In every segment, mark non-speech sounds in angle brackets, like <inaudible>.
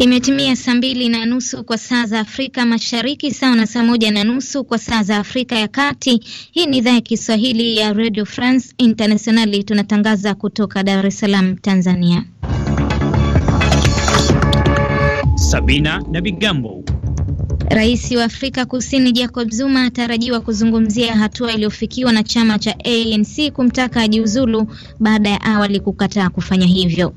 Imetimia saa mbili na nusu kwa saa za Afrika Mashariki, sawa na saa moja na nusu kwa saa za Afrika ya Kati. Hii ni idhaa ya Kiswahili ya Radio France Internationali, tunatangaza kutoka Dar es Salaam, Tanzania. Sabina na Bigambo. Rais wa Afrika Kusini Jacob Zuma atarajiwa kuzungumzia hatua iliyofikiwa na chama cha ANC kumtaka ajiuzulu baada ya awali kukataa kufanya hivyo.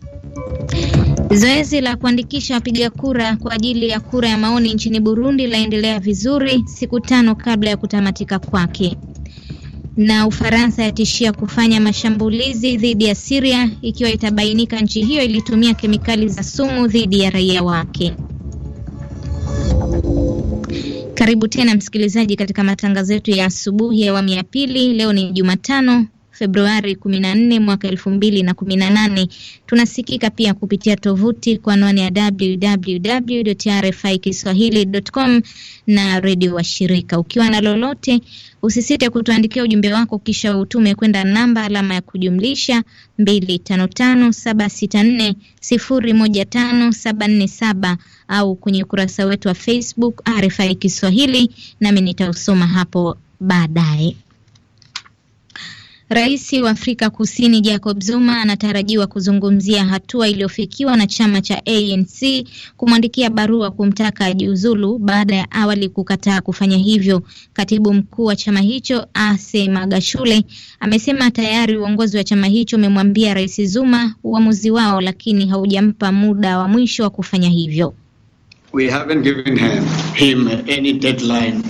Zoezi la kuandikisha wapiga kura kwa ajili ya kura ya maoni nchini Burundi laendelea vizuri siku tano kabla ya kutamatika kwake. Na Ufaransa yatishia kufanya mashambulizi dhidi ya Siria ikiwa itabainika nchi hiyo ilitumia kemikali za sumu dhidi ya raia wake. Karibu tena msikilizaji, katika matangazo yetu ya asubuhi ya awamu ya pili. Leo ni Jumatano, Februari 14 mwaka 2018. Tunasikika pia kupitia tovuti kwa anwani ya www.rfikiswahili.com na redio shirika Ukiwa na lolote, usisite kutuandikia ujumbe wako, kisha utume kwenda namba alama ya kujumlisha 255764015747 au kwenye ukurasa wetu wa Facebook RFI Kiswahili, nami nitausoma hapo baadaye. Rais wa Afrika Kusini Jacob Zuma anatarajiwa kuzungumzia hatua iliyofikiwa na chama cha ANC kumwandikia barua kumtaka ajiuzulu baada ya awali kukataa kufanya hivyo. Katibu mkuu wa chama hicho Ase Magashule amesema tayari uongozi wa chama hicho umemwambia Rais Zuma uamuzi wao, lakini haujampa muda wa mwisho wa kufanya hivyo. We haven't given him any deadline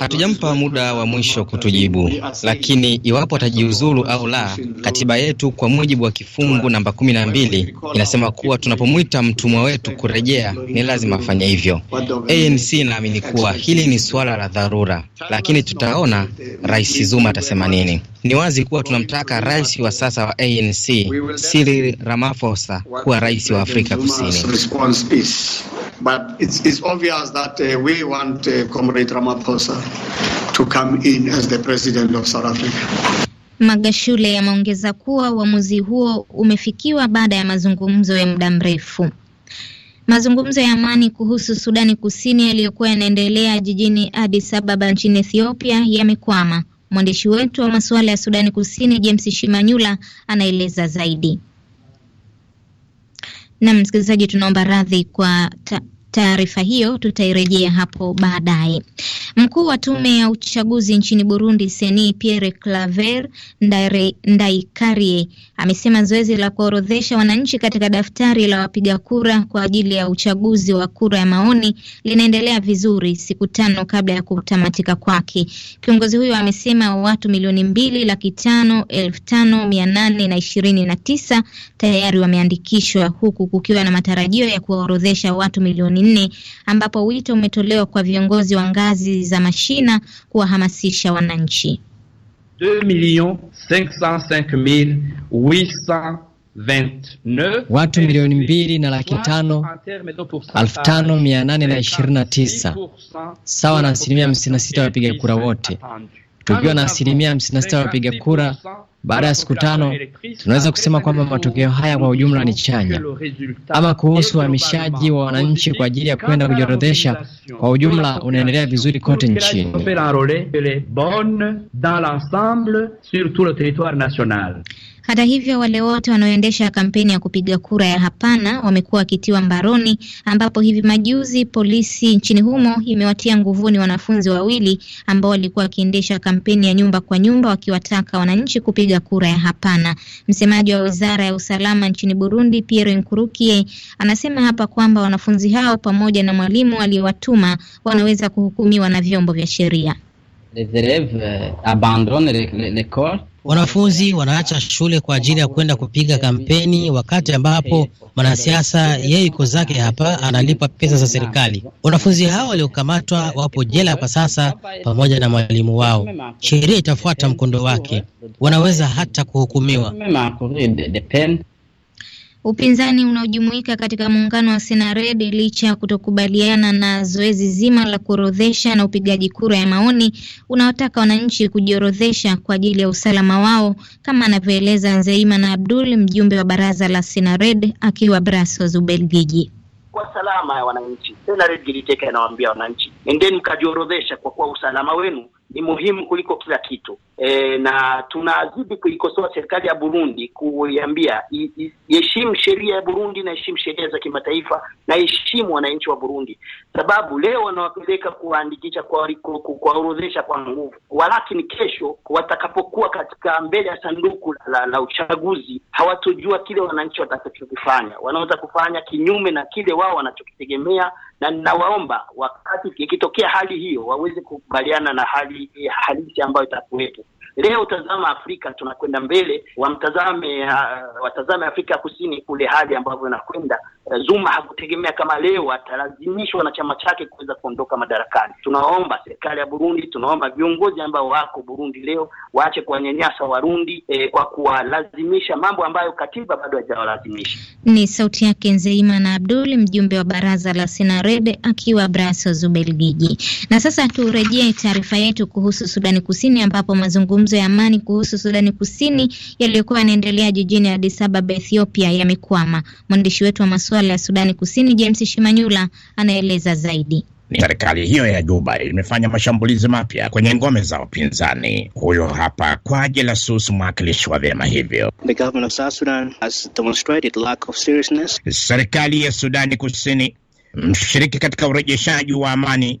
hatujampa muda wa mwisho kutujibu, lakini iwapo atajiuzulu au la, katiba yetu kwa mujibu wa kifungu namba kumi na mbili inasema kuwa tunapomwita mtumwa wetu kurejea ni lazima afanye hivyo. ANC inaamini kuwa hili ni suala la dharura, lakini tutaona Rais Zuma atasema nini. Ni wazi kuwa tunamtaka rais wa sasa wa ANC Cyril Ramaphosa kuwa rais wa Afrika Kusini. But it's, it's obvious that uh, we want uh, Comrade Ramaphosa to come in as the president of South Africa. Magashule yameongeza kuwa uamuzi huo umefikiwa baada ya mazungumzo ya muda mrefu. Mazungumzo ya amani kuhusu Sudani Kusini yaliyokuwa yanaendelea jijini Addis Ababa nchini Ethiopia yamekwama. Mwandishi wetu wa masuala ya Sudani Kusini James Shimanyula anaeleza zaidi. Nam msikilizaji, tunaomba radhi kwa taarifa hiyo, tutairejea hapo baadaye. Mkuu wa tume ya uchaguzi nchini Burundi Seni Pierre Claver Ndaikarie amesema zoezi la kuorodhesha wananchi katika daftari la wapiga kura kwa ajili ya uchaguzi wa kura ya maoni linaendelea vizuri siku tano kabla ya kutamatika kwake. Kiongozi huyo amesema watu milioni mbili laki tano elfu tano mia nane na ishirini na tisa tayari wameandikishwa huku kukiwa na matarajio ya kuwaorodhesha watu milioni nne ambapo wito umetolewa kwa viongozi wa ngazi za mashina kuwahamasisha wananchi. 2 watu milioni mbili na laki tano alfu tano mia nane na ishirini na tisa sawa na asilimia hamsini na sita wapiga kura wote tukiwa na asilimia 56 ya wapiga kura. Baada ya siku tano, tunaweza kusema kwamba matokeo haya kwa ujumla ni chanya. Ama kuhusu uhamishaji wa wananchi kwa ajili ya kwenda kujiorodhesha, kwa ujumla unaendelea vizuri kote nchini. Hata hivyo, wale wote wanaoendesha kampeni ya kupiga kura ya hapana wamekuwa wakitiwa mbaroni, ambapo hivi majuzi polisi nchini humo imewatia nguvuni wanafunzi wawili ambao walikuwa wakiendesha kampeni ya nyumba kwa nyumba wakiwataka wananchi kupiga kura ya hapana. Msemaji wa wizara ya usalama nchini Burundi, Pierre Nkurukie, anasema hapa kwamba wanafunzi hao pamoja na mwalimu aliyewatuma wanaweza kuhukumiwa na vyombo vya sheria les élèves euh, abandonnent l'école Wanafunzi wanaacha shule kwa ajili ya kwenda kupiga kampeni, wakati ambapo mwanasiasa yeye yuko zake hapa analipwa pesa za serikali. Wanafunzi hao waliokamatwa wapo jela kwa sasa pamoja na mwalimu wao. Sheria itafuata mkondo wake, wanaweza hata kuhukumiwa. Upinzani unaojumuika katika muungano wa Senared licha ya kutokubaliana na zoezi zima la kuorodhesha na upigaji kura ya maoni unaotaka wananchi kujiorodhesha kwa ajili ya usalama wao, kama anavyoeleza Zeima na Abdul, mjumbe wa baraza la Senared akiwa Brussels, Ubelgiji. Kwa salama ya wananchi, Senared iliteka inawaambia wananchi, endeni mkajiorodhesha kwa kuwa usalama wenu ni muhimu kuliko kila kitu e, na tunazidi kuikosoa serikali ya Burundi, kuiambia iheshimu sheria ya Burundi na heshimu sheria za kimataifa na heshimu wananchi wa Burundi, sababu leo wanawapeleka kuwaandikisha, kuwaorodhesha kwa nguvu, walakini kesho watakapokuwa katika mbele ya sanduku la, la uchaguzi hawatojua kile wananchi watakachokifanya, wanaweza kufanya kinyume na kile wao wanachokitegemea na ninawaomba wakati ikitokea hali hiyo waweze kukubaliana na hali eh, halisi ambayo itakuwepo. Leo tazama Afrika, tunakwenda mbele, wamtazame uh, watazame Afrika Kusini kule hali ambavyo inakwenda. Eh, Zuma hakutegemea kama leo atalazimishwa na chama chake kuweza kuondoka madarakani. Tunaomba serikali ya Burundi, tunaomba viongozi ambao wako Burundi leo waache kuwanyanyasa Warundi eh, kwa kuwalazimisha mambo ambayo katiba bado hajawalazimisha Ni sauti yake na Abdul, mjumbe wa baraza la Sinarebe akiwa Brussels, Ubelgiji. Na sasa turejee taarifa yetu kuhusu Sudani Kusini ambapo mazungumzo mazungumzo ya amani kuhusu Sudani Kusini yaliyokuwa yanaendelea jijini Addis Ababa, Ethiopia yamekwama. Mwandishi wetu wa masuala ya Sudani Kusini James Shimanyula anaeleza zaidi. Serikali hiyo ya Juba imefanya mashambulizi mapya kwenye ngome za upinzani. Huyo hapa kwa Kwaje sus mwakilishi wa vyama hivyo. Serikali ya Sudani Kusini, mshiriki katika urejeshaji wa amani,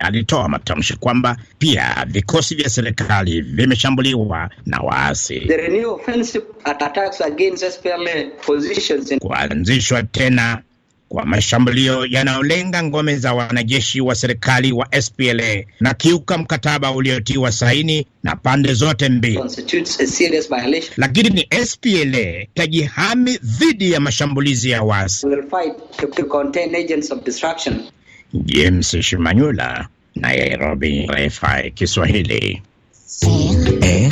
alitoa matamshi kwamba pia vikosi vya serikali vimeshambuliwa na waasi. Kuanzishwa tena kwa mashambulio yanayolenga ngome za wanajeshi wa serikali wa SPLA na kiuka mkataba uliotiwa saini na pande zote mbili, lakini ni SPLA tajihami dhidi ya mashambulizi ya waasi. James Shimanyula na Nairobi. RFI Kiswahili. RFI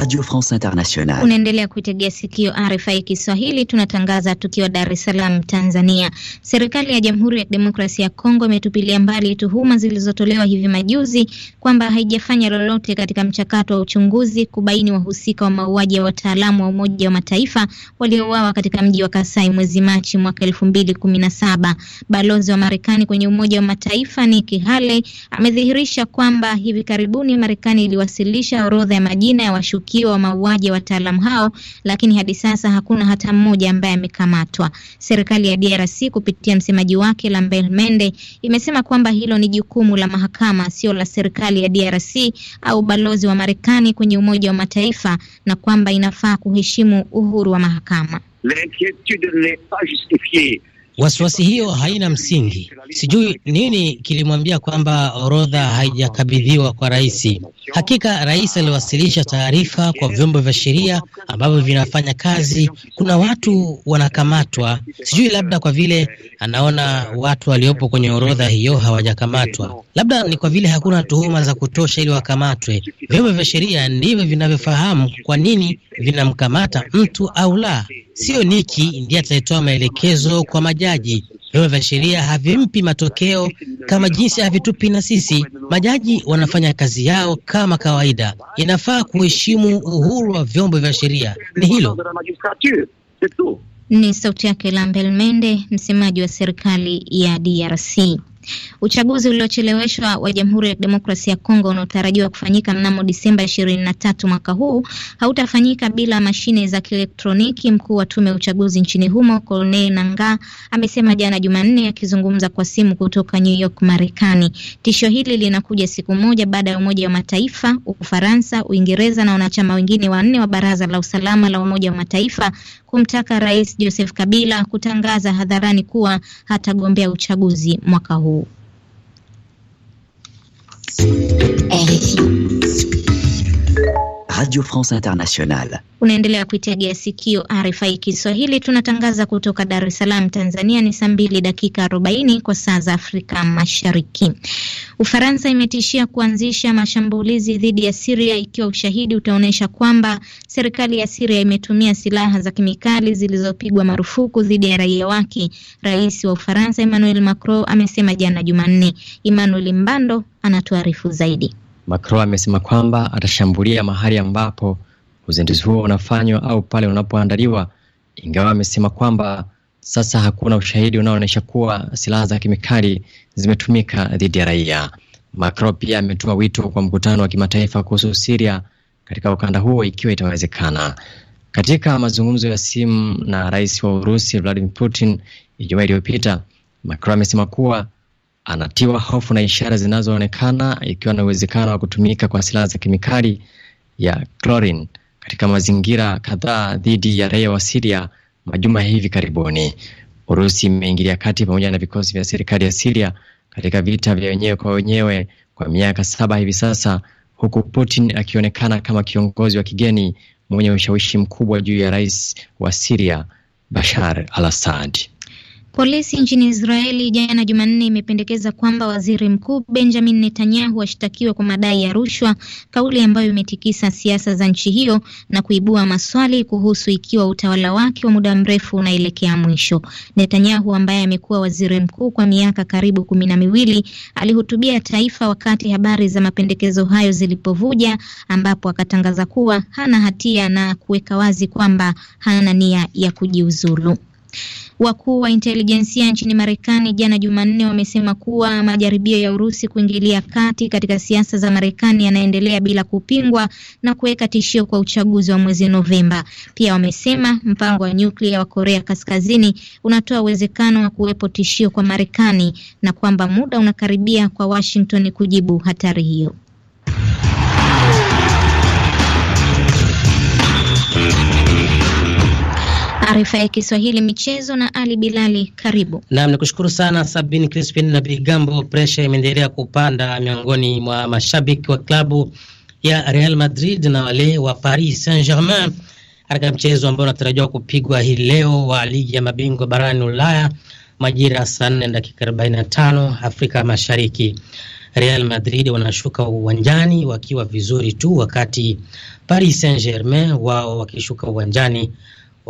Radio France Internationale. Unaendelea kuitegea sikio RFI Kiswahili, tunatangaza tukiwa Dar es Salaam, Tanzania. Serikali ya Jamhuri ya Kidemokrasia ya Kongo imetupilia mbali tuhuma zilizotolewa hivi majuzi kwamba haijafanya lolote katika mchakato wa uchunguzi kubaini wahusika wa mauaji ya wataalamu wa Umoja wa Mataifa waliouawa katika mji wa Kasai mwezi Machi mwaka elfu mbili kumi na saba. Balozi wa Marekani kwenye Umoja wa Mataifa Nikki Haley amedhihirisha kwamba hivi karibuni Marekani iliwasilisha orodha ya majina ya washukiwa wa mauaji ya wataalamu hao, lakini hadi sasa hakuna hata mmoja ambaye amekamatwa. Serikali ya DRC kupitia msemaji wake Lambert Mende imesema kwamba hilo ni jukumu la mahakama, sio la serikali ya DRC au balozi wa Marekani kwenye Umoja wa Mataifa, na kwamba inafaa kuheshimu uhuru wa mahakama. Wasiwasi hiyo haina msingi. Sijui nini kilimwambia kwamba orodha haijakabidhiwa kwa rais. Hakika rais aliwasilisha taarifa kwa vyombo vya sheria ambavyo vinafanya kazi. Kuna watu wanakamatwa, sijui labda kwa vile anaona watu waliopo kwenye orodha hiyo hawajakamatwa. Labda ni kwa vile hakuna tuhuma za kutosha ili wakamatwe. Vyombo vya sheria ndivyo vinavyofahamu kwa nini vinamkamata mtu au la, sio Niki ndiye atakayetoa maelekezo kwa majaji. Vyombo vya sheria havimpi matokeo kama jinsi havitupi na sisi. Majaji wanafanya kazi yao kama kawaida, inafaa kuheshimu uhuru wa vyombo vya sheria, ni hilo. Ni sauti yake Lambel Mende, msemaji wa serikali ya DRC. Uchaguzi uliocheleweshwa wa Jamhuri ya Demokrasia ya Kongo unaotarajiwa kufanyika mnamo Disemba 23 mwaka huu hautafanyika bila mashine za kielektroniki. Mkuu wa tume ya uchaguzi nchini humo Colonel nanga amesema jana Jumanne akizungumza kwa simu kutoka New York, Marekani. Tishio hili linakuja siku moja baada ya Umoja wa Mataifa, Ufaransa, Uingereza na wanachama wengine wanne wa Baraza la Usalama la Umoja wa Mataifa kumtaka Rais Joseph Kabila kutangaza hadharani kuwa hatagombea uchaguzi mwaka huu. RFI. Radio France Internationale. Unaendelea kuitegea sikio RFI Kiswahili, tunatangaza kutoka Dar es Salaam, Tanzania. Ni saa mbili dakika arobaini kwa saa za Afrika Mashariki. Ufaransa imetishia kuanzisha mashambulizi dhidi ya Siria ikiwa ushahidi utaonyesha kwamba serikali ya Siria imetumia silaha za kemikali zilizopigwa marufuku dhidi ya raia wake. Rais wa Ufaransa Emmanuel Macron amesema jana Jumanne. Emmanuel Mbando anatuarifu zaidi. Macron amesema kwamba atashambulia mahali ambapo uzinduzi huo unafanywa au pale unapoandaliwa, ingawa amesema kwamba sasa hakuna ushahidi unaoonyesha kuwa silaha za kemikali zimetumika dhidi ya raia. Macron pia ametoa wito kwa mkutano wa kimataifa kuhusu Syria katika ukanda huo ikiwa itawezekana. Katika mazungumzo ya simu na rais wa Urusi Vladimir Putin Ijumaa iliyopita, Macron amesema kuwa anatiwa hofu na ishara zinazoonekana ikiwa na uwezekano wa kutumika kwa silaha za kemikali ya chlorine katika mazingira kadhaa dhidi ya raia wa Siria majuma hivi karibuni. Urusi imeingilia kati pamoja na vikosi vya serikali ya Siria katika vita vya wenyewe kwa wenyewe kwa miaka saba hivi sasa, huku Putin akionekana kama kiongozi wa kigeni mwenye ushawishi mkubwa juu ya rais wa Siria Bashar al-Assad. Polisi nchini Israeli jana Jumanne imependekeza kwamba waziri mkuu Benjamin Netanyahu ashtakiwe kwa madai ya rushwa, kauli ambayo imetikisa siasa za nchi hiyo na kuibua maswali kuhusu ikiwa utawala wake wa muda mrefu unaelekea mwisho. Netanyahu ambaye amekuwa waziri mkuu kwa miaka karibu kumi na miwili alihutubia taifa wakati habari za mapendekezo hayo zilipovuja, ambapo akatangaza kuwa hana hatia na kuweka wazi kwamba hana nia ya kujiuzulu. Wakuu wa intelijensia nchini Marekani jana Jumanne wamesema kuwa majaribio ya Urusi kuingilia kati katika siasa za Marekani yanaendelea bila kupingwa na kuweka tishio kwa uchaguzi wa mwezi Novemba. Pia wamesema mpango wa nyuklia wa Korea Kaskazini unatoa uwezekano wa kuwepo tishio kwa Marekani na kwamba muda unakaribia kwa Washington kujibu hatari hiyo. RFA ya Kiswahili michezo na Ali Bilali, karibu. Naam, nikushukuru sana Sabin Crispin na Bigambo. Presha imeendelea kupanda miongoni mwa mashabiki wa klabu ya Real Madrid na wale wa Paris Saint-Germain katika mchezo ambao unatarajiwa kupigwa hii leo wa ligi ya mabingwa barani Ulaya majira ya saa nne dakika 45 Afrika Mashariki. Real Madrid wanashuka uwanjani wakiwa vizuri tu, wakati Paris Saint-Germain wao wakishuka uwanjani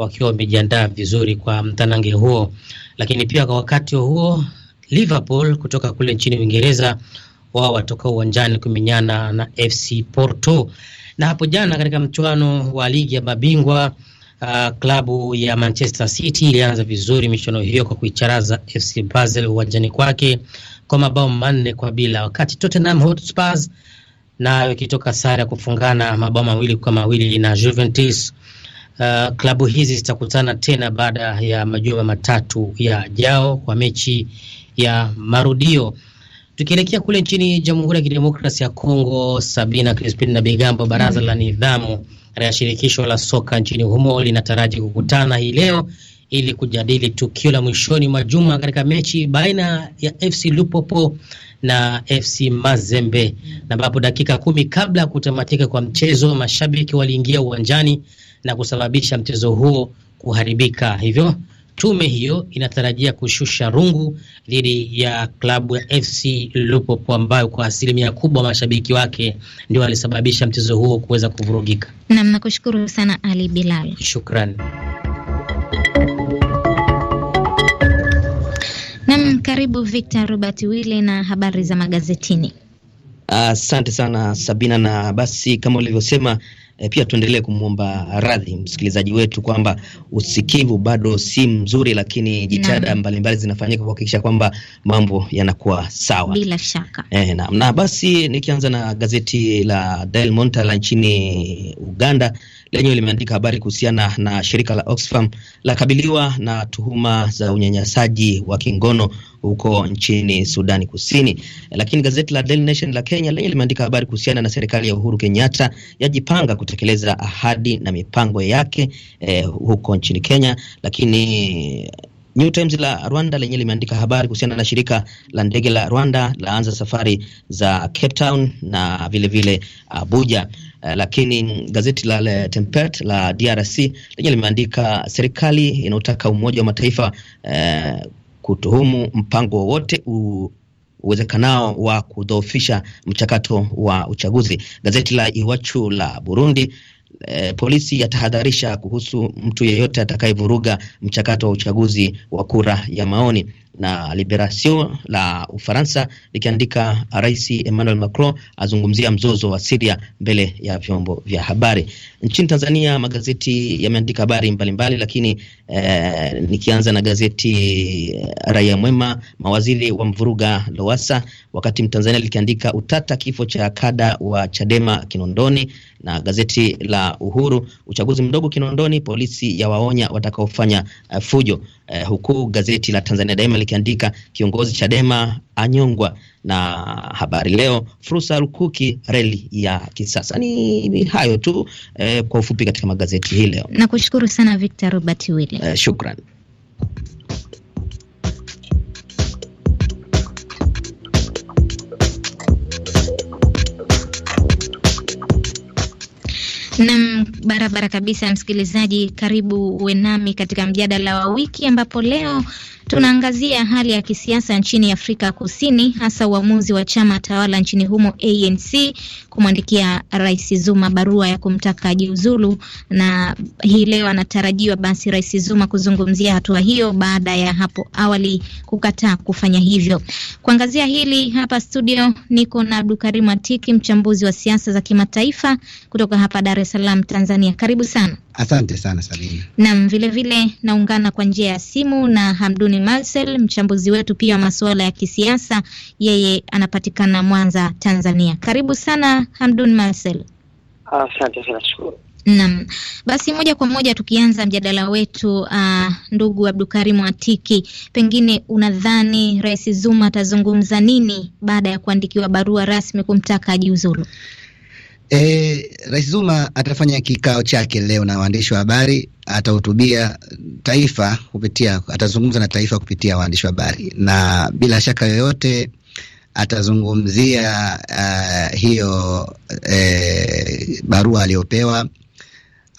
wakiwa wamejiandaa vizuri kwa mtanange huo. Lakini pia kwa wakati huo Liverpool kutoka kule nchini Uingereza wao watoka uwanjani kumenyana na FC Porto. Na hapo jana katika mchuano wa ligi ya mabingwa uh, klabu ya Manchester City ilianza vizuri michuano hiyo kwa kuicharaza FC Basel uwanjani kwake kwa mabao manne kwa bila, wakati Tottenham Hotspur nayo ikitoka sare ya kufungana mabao mawili kwa mawili na Juventus uh, klabu hizi zitakutana tena baada ya majuma matatu yajao kwa mechi ya marudio. Tukielekea kule nchini Jamhuri ya Kidemokrasia ya Kongo, Sabina Crispin na Bigambo, baraza mm, la nidhamu la shirikisho la soka nchini humo linataraji kukutana hii leo ili kujadili tukio la mwishoni mwa juma katika mechi baina ya FC Lupopo na FC Mazembe, na ambapo dakika kumi kabla ya kutamatika kwa mchezo mashabiki waliingia uwanjani na kusababisha mchezo huo kuharibika. Hivyo tume hiyo inatarajia kushusha rungu dhidi ya klabu ya FC Lupopo ambayo kwa asilimia kubwa mashabiki wake ndio walisababisha mchezo huo kuweza kuvurugika. Nam, nakushukuru sana Ali Bilal. Shukran. Nam, karibu Victor Robert Wille na habari za magazetini. Asante uh, sana Sabina, na basi kama ulivyosema e, pia tuendelee kumwomba radhi msikilizaji wetu kwamba usikivu bado si mzuri, lakini jitihada mbalimbali zinafanyika kuhakikisha kwamba mambo yanakuwa sawa bila shaka. E, eh, na, na basi nikianza na gazeti la Daily la nchini Uganda lenyewe limeandika habari kuhusiana na shirika la Oxfam lakabiliwa na tuhuma za unyanyasaji wa kingono huko nchini Sudani Kusini. Lakini gazeti la Daily Nation la Kenya lenye limeandika habari kuhusiana na serikali ya Uhuru Kenyatta yajipanga kutekeleza ahadi na mipango yake eh, huko nchini Kenya. Lakini New Times la Rwanda lenye limeandika habari kuhusiana na shirika la ndege la Rwanda laanza safari za Cape Town na vilevile Abuja Eh, lakini gazeti la Le Tempete la DRC lenye limeandika serikali inaotaka Umoja wa Mataifa eh, kutuhumu mpango wowote uwezekanao wa kudhoofisha mchakato wa uchaguzi. Gazeti la Iwachu la Burundi E, polisi yatahadharisha kuhusu mtu yeyote atakayevuruga mchakato wa uchaguzi wa kura ya maoni na Liberation la Ufaransa likiandika Rais Emmanuel Macron azungumzia mzozo wa Siria mbele ya vyombo vya habari. Nchini Tanzania magazeti yameandika habari mbalimbali, lakini eh, nikianza na gazeti eh, Raia Mwema, mawaziri wa mvuruga Lowasa, wakati Mtanzania likiandika utata kifo cha kada wa Chadema Kinondoni, na gazeti la Uhuru uchaguzi mdogo Kinondoni, polisi yawaonya watakaofanya uh, fujo eh, huku gazeti la Tanzania Daima likiandika kiongozi Chadema anyongwa na Habari Leo, fursa lukuki reli ya kisasa. Ni hayo tu eh, kwa ufupi katika magazeti hii leo. Nakushukuru sana Victor Robert Wile. Eh, shukran. Nam barabara kabisa, msikilizaji, karibu uwe nami katika mjadala wa wiki ambapo leo Tunaangazia hali ya kisiasa nchini Afrika Kusini, hasa uamuzi wa chama tawala nchini humo ANC kumwandikia Rais Zuma barua ya kumtaka ajiuzulu, na hii leo anatarajiwa basi Rais Zuma kuzungumzia hatua hiyo baada ya hapo awali kukataa kufanya hivyo. Kuangazia hili hapa studio niko na abdukarim Atiki, mchambuzi wa siasa za kimataifa kutoka hapa Dar es Salaam, Tanzania. Karibu sana. Asante sana Sabini. Naam, vilevile naungana kwa njia ya simu na Hamduni Marcel, mchambuzi wetu pia masuala ya kisiasa, yeye anapatikana Mwanza, Tanzania. Karibu sana hamdun Marcel. Asante sana, shukuru. Naam, basi moja kwa moja tukianza mjadala wetu, uh, ndugu abdukarimu Atiki, pengine unadhani Rais Zuma atazungumza nini baada ya kuandikiwa barua rasmi kumtaka ajiuzulu? E, Rais Zuma atafanya kikao chake leo na waandishi wa habari, atahutubia taifa kupitia, atazungumza na taifa kupitia waandishi wa habari, na bila shaka yoyote atazungumzia uh, hiyo eh, barua aliyopewa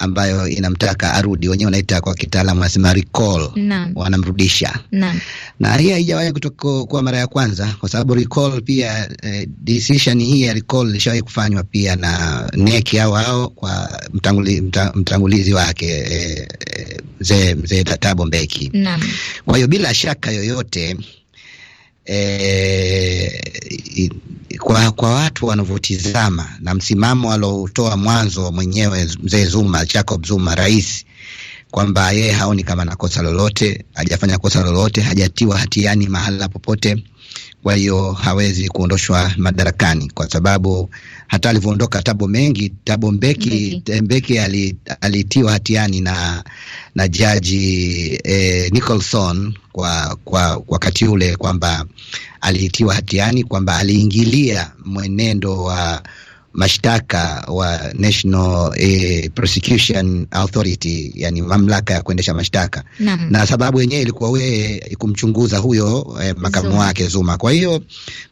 ambayo inamtaka arudi, wenyewe wanaita kwa kitaalam wanasema recall, wanamrudisha na, na hii haijawahi kutoka kuwa mara ya kwanza, kwa sababu recall pia eh, decision hii ya recall ilishawahi kufanywa pia na nek au hao kwa mtanguli, mta, mtangulizi wake eh, eh, mzee Thabo Mbeki. Kwa hiyo bila shaka yoyote eh, kwa, kwa watu wanavyotizama na msimamo aliotoa mwanzo mwenyewe mzee Zuma, Jacob Zuma, rais kwamba yeye haoni kama na kosa lolote, hajafanya kosa lolote, hajatiwa hatiani mahala popote. Kwa hiyo hawezi kuondoshwa madarakani kwa sababu hata alivyoondoka tabo Mengi, tabo Mbeki, Mbeki alitiwa hatiani na, na jaji eh, Nicholson kwa, kwa wakati ule kwamba alitiwa hatiani kwamba aliingilia mwenendo wa uh, mashtaka wa National eh, Prosecution Authority, yani mamlaka ya kuendesha mashtaka na, na sababu yenyewe ilikuwa wewe eh, kumchunguza huyo eh, makamu wake Zuma. Kwa hiyo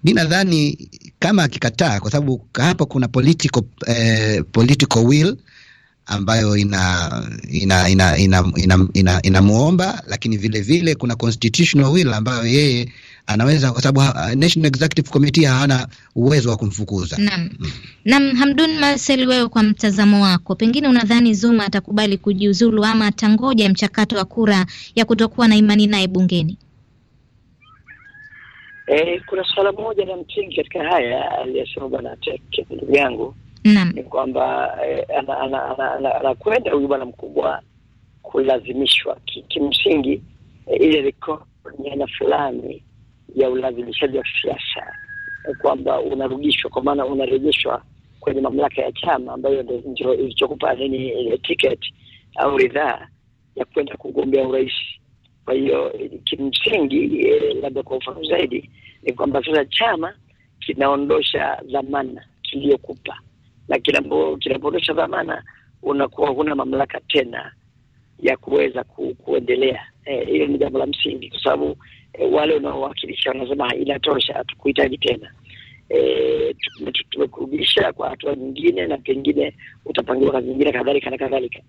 mi nadhani kama akikataa, kwa sababu hapo kuna political, eh, political will ambayo ina ina ina ina inamuomba ina, ina, ina ina, lakini vile vile kuna constitutional will ambayo yeye eh, anaweza kwa sababu uh, National Executive Committee hawana uwezo wa kumfukuza. Naam. Mm. Naam, Hamdun Marcel, wewe kwa mtazamo wako, pengine unadhani Zuma atakubali kujiuzulu ama atangoja mchakato wa kura ya kutokuwa na imani naye bungeni? Eh, kuna suala moja la msingi katika haya aliyesema bwana Teke, ndugu yangu, ni kwamba eh, anakwenda huyu bwana mkubwa kulazimishwa kimsingi, eh, ile rekodi aina fulani ya ulazimishaji wa kisiasa kwamba unarudishwa kwa maana unarejeshwa kwenye mamlaka ya chama ambayo ndio ilichokupa nini eh, tiketi au ridhaa ya kwenda kugombea urais. Kwa hiyo eh, kimsingi, eh, labda kwa ufahamu zaidi ni kwamba sasa chama kinaondosha dhamana kiliyokupa, na kinapoondosha dhamana unakuwa huna mamlaka tena ya kuweza ku, kuendelea. Eh, hilo eh, ni jambo la msingi kwa sababu eh, wale unaowakilisha wanasema ah, inatosha, hatukuhitaji tena eh, tumekurudisha kwa hatua nyingine, na pengine utapangiwa kazi nyingine kadhalika na kadhalika.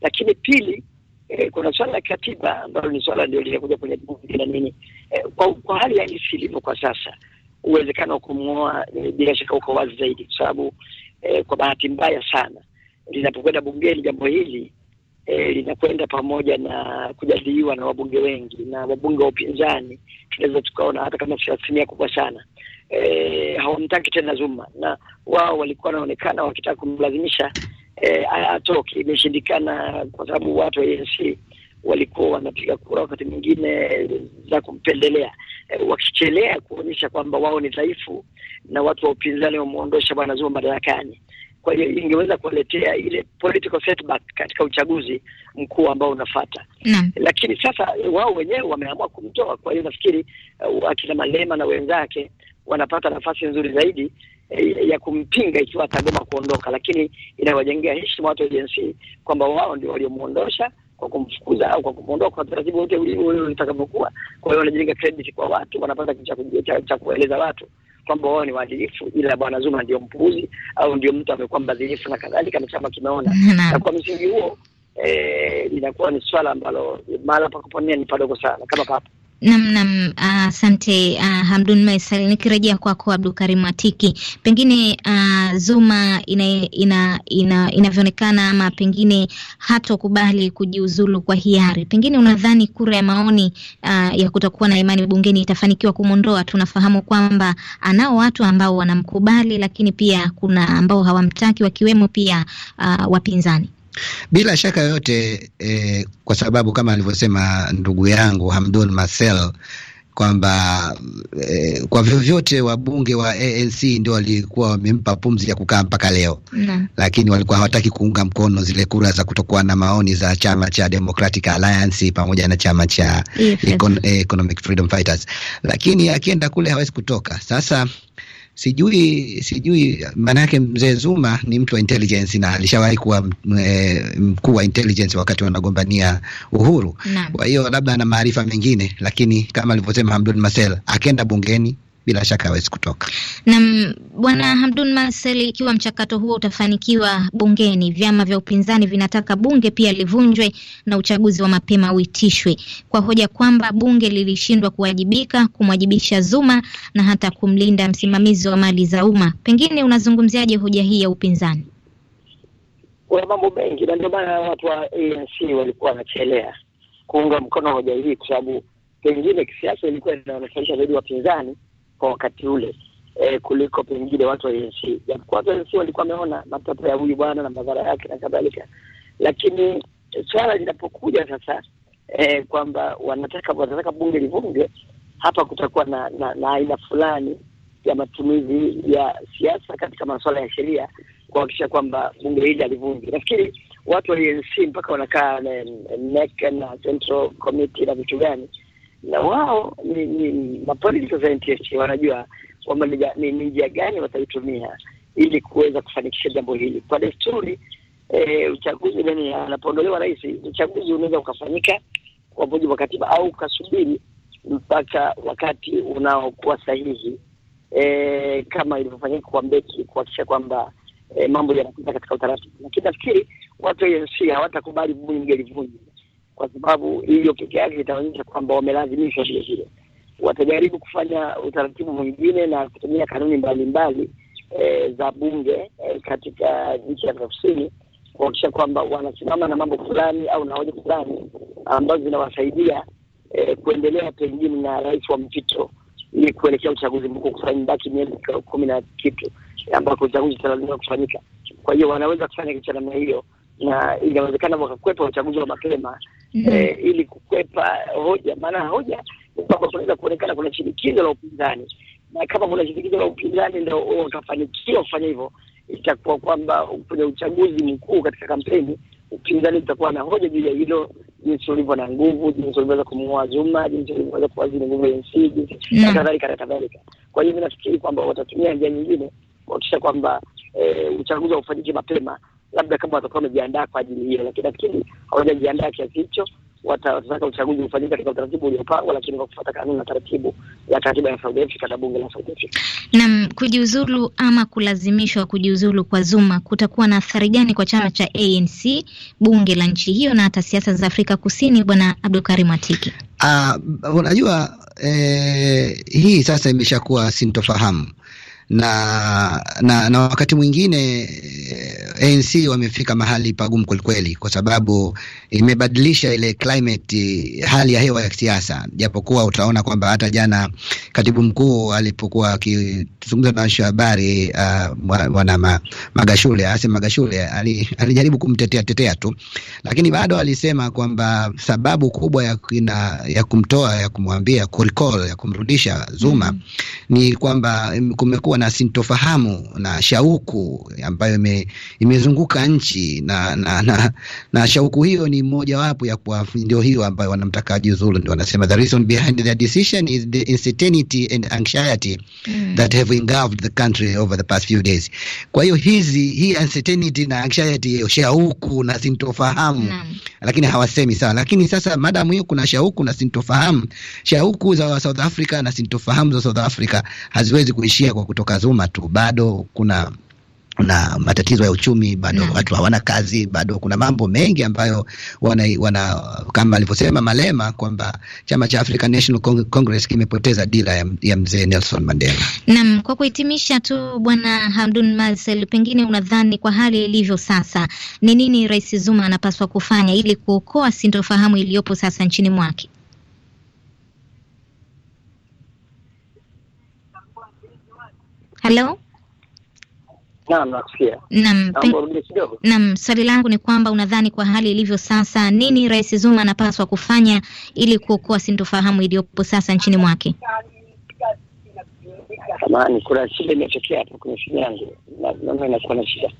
Lakini pili eh, kuna swala la katiba ambalo ni swala ndio linakuja kwenye bunge na nini eh, kwa, kwa hali halisi ilivyo kwa sasa uwezekano wa kumng'oa eh, bila shaka uko wazi zaidi, kwa sababu eh, kwa bahati mbaya sana linapokwenda bungeni jambo hili e, eh, linakwenda pamoja na kujadiliwa na wabunge wengi na wabunge wa upinzani. Tunaweza tukaona hata kama si asilimia kubwa sana e, hawamtaki tena Zuma, na wao walikuwa wanaonekana wakitaka kumlazimisha e, atoke. Imeshindikana kwa sababu watu wa ANC walikuwa wanapiga kura wakati mwingine za kumpendelea e, wakichelea kuonyesha kwamba wao ni dhaifu na watu wa upinzani wamwondosha bwana Zuma madarakani. Kwa hiyo ingeweza kuletea ile political setback katika uchaguzi mkuu ambao unafata Naam. Lakini sasa wao wenyewe wameamua kumtoa, kwa hiyo nafikiri uh, akina Malema na wenzake wanapata nafasi nzuri zaidi eh, ya kumpinga ikiwa atagoma kuondoka, lakini inawajengea heshima watu wa kwamba wao ndio waliomwondosha kwa kumfukuza au kwa kumwondoa kwa taratibu wote utakavyokuwa. Kwa hiyo wanajenga credit kwa watu, wanapata kitu cha kueleza watu kwamba wao ni waadilifu, ila bwana Zuma ndio mpuuzi au ndio mtu amekuwa mbadhilifu na kadhalika, na chama kimeona <laughs> na kwa msingi huo eh, inakuwa ni swala ambalo mahala pa ni padogo sana kama papa Namnam, asante nam, uh, Hamdun Maisal. Nikirejea kwako Abdu Abdul Karim Atiki, pengine uh, Zuma inavyoonekana ina, ina, ina ama pengine hatokubali kujiuzulu kwa hiari, pengine unadhani kura ya maoni uh, ya kutokuwa na imani bungeni itafanikiwa kumwondoa? Tunafahamu kwamba anao watu ambao wanamkubali, lakini pia kuna ambao hawamtaki wakiwemo pia uh, wapinzani. Bila shaka yoyote eh, kwa sababu kama alivyosema ndugu yangu Hamdun Marcel kwamba eh, kwa vyovyote wabunge wa ANC ndio walikuwa wamempa pumzi ya kukaa mpaka leo na, lakini walikuwa hawataki kuunga mkono zile kura za kutokuwa na maoni za chama cha Democratic Alliance pamoja na chama cha Econ eh, Economic Freedom Fighters, lakini akienda kule hawezi kutoka sasa Sijui sijui, maana yake mzee Zuma ni mtu wa intelligence na alishawahi kuwa eh, mkuu wa intelligence wakati wanagombania uhuru. Kwa hiyo labda ana maarifa mengine, lakini kama alivyosema Hamdun Masel, akenda bungeni bila shaka hawezi kutoka. Naam, Bwana Hamdun Masel, ikiwa mchakato huo utafanikiwa bungeni, vyama vya upinzani vinataka bunge pia livunjwe na uchaguzi wa mapema uitishwe kwa hoja kwamba bunge lilishindwa kuwajibika, kumwajibisha Zuma na hata kumlinda msimamizi wa mali za umma. Pengine unazungumziaje hoja hii ya upinzani? Kuna mambo mengi, na ndio maana watu wa ANC walikuwa wanachelea kuunga mkono hoja hii, kwa sababu pengine kisiasa ilikuwa inawanufaisha zaidi wapinzani kwa wakati ule e, kuliko pengine watu wa ANC. Japokuwa watu wa ANC walikuwa wameona matakwa ya huyu bwana na madhara yake na kadhalika, lakini swala linapokuja sasa e, kwamba wanataka wanataka bunge livunge, hapa kutakuwa na, na, na aina fulani ya matumizi ya siasa katika masuala ya sheria kuhakikisha kwamba bunge hili halivunji. Nafikiri watu wa ANC mpaka wanakaa eh, na Central Committee na vitu gani na wao ni, ni mapolisi za wanajua kwamba ni njia gani wataitumia ili kuweza kufanikisha jambo hili. Kwa desturi e, uchaguzi yani, anapoondolewa rais, uchaguzi unaweza ukafanyika kwa mujibu wa katiba au ukasubiri mpaka wakati unaokuwa sahihi, e, kama ilivyofanyika kwa Mbeki kuhakikisha kwamba e, mambo yanapita katika utaratibu, lakini nafikiri watu ANC hawatakubali vunyi mgeli kwa sababu hiyo peke yake itaonyesha kwamba wamelazimishwa vile vile. Watajaribu kufanya utaratibu mwingine na kutumia kanuni mbalimbali e, za bunge e, katika nchi ya Afrika Kusini kuhakikisha kwamba wanasimama na mambo fulani au na hoja fulani ambazo zinawasaidia e, kuendelea pengine na rais wa mpito ili kuelekea uchaguzi mkuu kufanyibaki miezi kumi na kitu ambako uchaguzi utalazimika kufanyika. Kwa hiyo wanaweza kufanya kitu cha namna hiyo, na inawezekana wakakwepa uchaguzi wa mapema mm. eh, ili kukwepa hoja, maana hoja kwamba kunaweza kuonekana kuna shinikizo la upinzani, na kama kuna shinikizo la upinzani ndo wakafanikiwa kufanya hivyo, itakuwa kwamba kwenye uchaguzi mkuu katika kampeni upinzani utakuwa na hoja juu ya hilo, jinsi ulivyo na nguvu, jinsi ulivyoweza kumuua Zuma, jinsi ulivyoweza kuwazili nguvu ya nchi, jinsi mhm. na kadhalika na kadhalika. Kwa hiyo mi nafikiri kwamba watatumia njia nyingine kuhakikisha kwamba eh, uchaguzi haufanyike mapema labda kama watakuwa wamejiandaa kwa ajili hiyo, lakini nafikiri hawajajiandaa kiasi hicho. Watataka uchaguzi ufanyike katika utaratibu uliopangwa, lakini kwa kufuata kanuni na taratibu ya katiba ya Saudi Afrika na bunge la Saudi Afrika. Naam, kujiuzulu ama kulazimishwa kujiuzulu kwa Zuma kutakuwa na athari gani kwa chama cha ANC, bunge la nchi hiyo na hata siasa za Afrika Kusini, Bwana Abdulkarim Atiki? Ah, unajua, uh, eh, hii sasa imeshakuwa sintofahamu na, na, na wakati mwingine eh, ANC wamefika mahali pagumu kwelikweli, kwa sababu imebadilisha ile climate, eh, hali ya hewa ya kisiasa, japokuwa utaona kwamba hata jana katibu mkuu alipokuwa akizungumza na waandishi wa habari uh, Magashule Asim Magashule alijaribu kumtetea tetea tu, lakini bado alisema kwamba sababu kubwa ya, kina, ya kumtoa ya kumwambia kurecall ya kumrudisha Zuma mm -hmm. ni kwamba mm, kumekuwa kumekuwa na sintofahamu na shauku ambayo ime, imezunguka nchi na, na, na, na shauku hiyo ni mojawapo ya kwa ndio hiyo ambayo wanamtaka ajiuzulu. Ndio wanasema the reason behind the decision is the uncertainty and anxiety mm. that have engulfed the country over the past few days. Kwa hiyo hizi hii uncertainty na anxiety, hiyo shauku na sintofahamu mm. lakini hawasemi sawa, lakini sasa madamu hiyo kuna shauku na sintofahamu, shauku za South Africa na sintofahamu za South Africa haziwezi kuishia kwa kutoka kazuma tu, bado kuna na matatizo ya uchumi bado yeah. Mm. Watu hawana kazi bado, kuna mambo mengi ambayo wana, wana kama alivyosema Malema kwamba chama cha African National Congress kimepoteza dira ya, ya mzee Nelson Mandela. Naam, kwa kuhitimisha tu Bwana Hamdun Marcel, pengine unadhani kwa hali ilivyo sasa ni nini Rais Zuma anapaswa kufanya ili kuokoa sintofahamu iliyopo sasa nchini mwake? Hello? Naam, nakusikia. Naam, naam, swali langu ni kwamba unadhani kwa hali ilivyo sasa, nini Rais Zuma anapaswa kufanya ili kuokoa sintofahamu iliyopo sasa nchini mwake? Samahani, kuna shida imetokea hapo kwenye simu yangu, naona inakuwa na shida.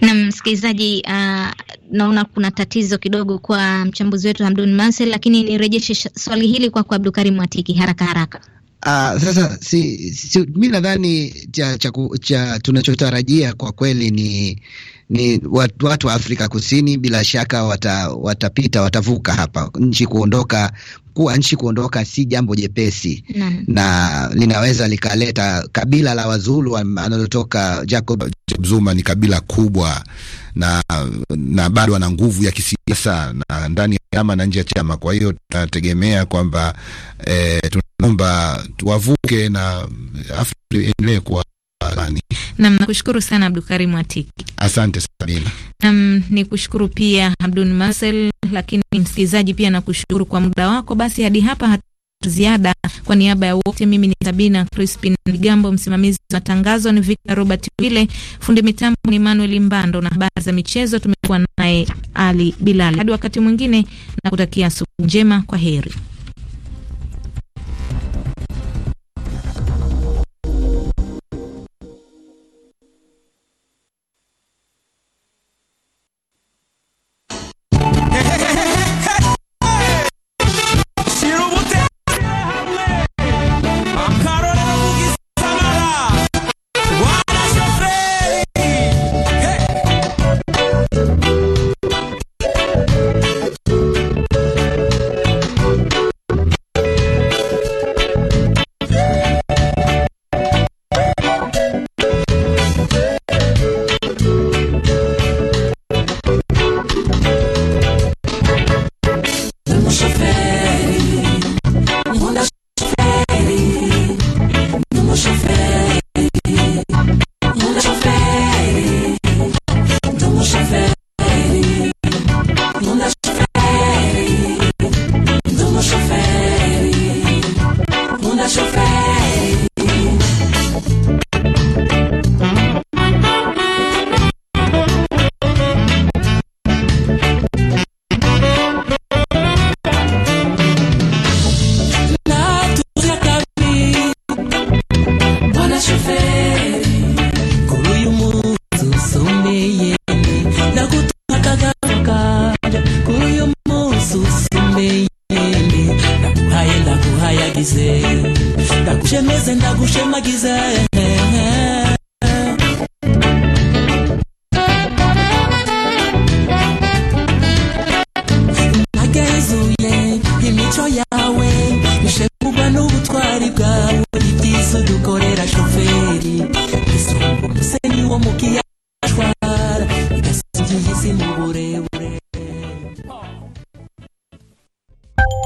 Naam, msikilizaji, uh, naona kuna tatizo kidogo kwa mchambuzi wetu Hamdun Mansel, lakini nirejeshe swali hili kwako kwa Abdulkarim Atiki haraka haraka. Uh, sasa si, si, mi nadhani cha, cha, cha tunachotarajia kwa kweli ni ni watu, watu wa Afrika Kusini bila shaka wata, watapita watavuka hapa. Nchi kuondoka kuwa nchi kuondoka si jambo jepesi na, na linaweza likaleta kabila la Wazulu analotoka Jacob Zuma ni kabila kubwa na, na bado ana nguvu ya kisiasa na ndani chama na nje ya chama. Kwa hiyo tunategemea kwamba e, tunaomba tuwavuke na Afrika endelee kuwa Nam, nakushukuru sana Karim Atiki. Asante Sabina. Nam, ni kushukuru pia Abdun Masel, lakini msikilizaji pia nakushukuru kwa muda wako. Basi hadi hapa hatu ziada. Kwa niaba ya wote, mimi ni Sabina Crispin Migambo, msimamizi wa matangazo ni Victor Robert Wile, fundi mitambo ni Manuel Mbando, na habari za michezo tumekuwa naye Ali Bilal. Hadi wakati mwingine, na kutakia siku njema, kwa heri.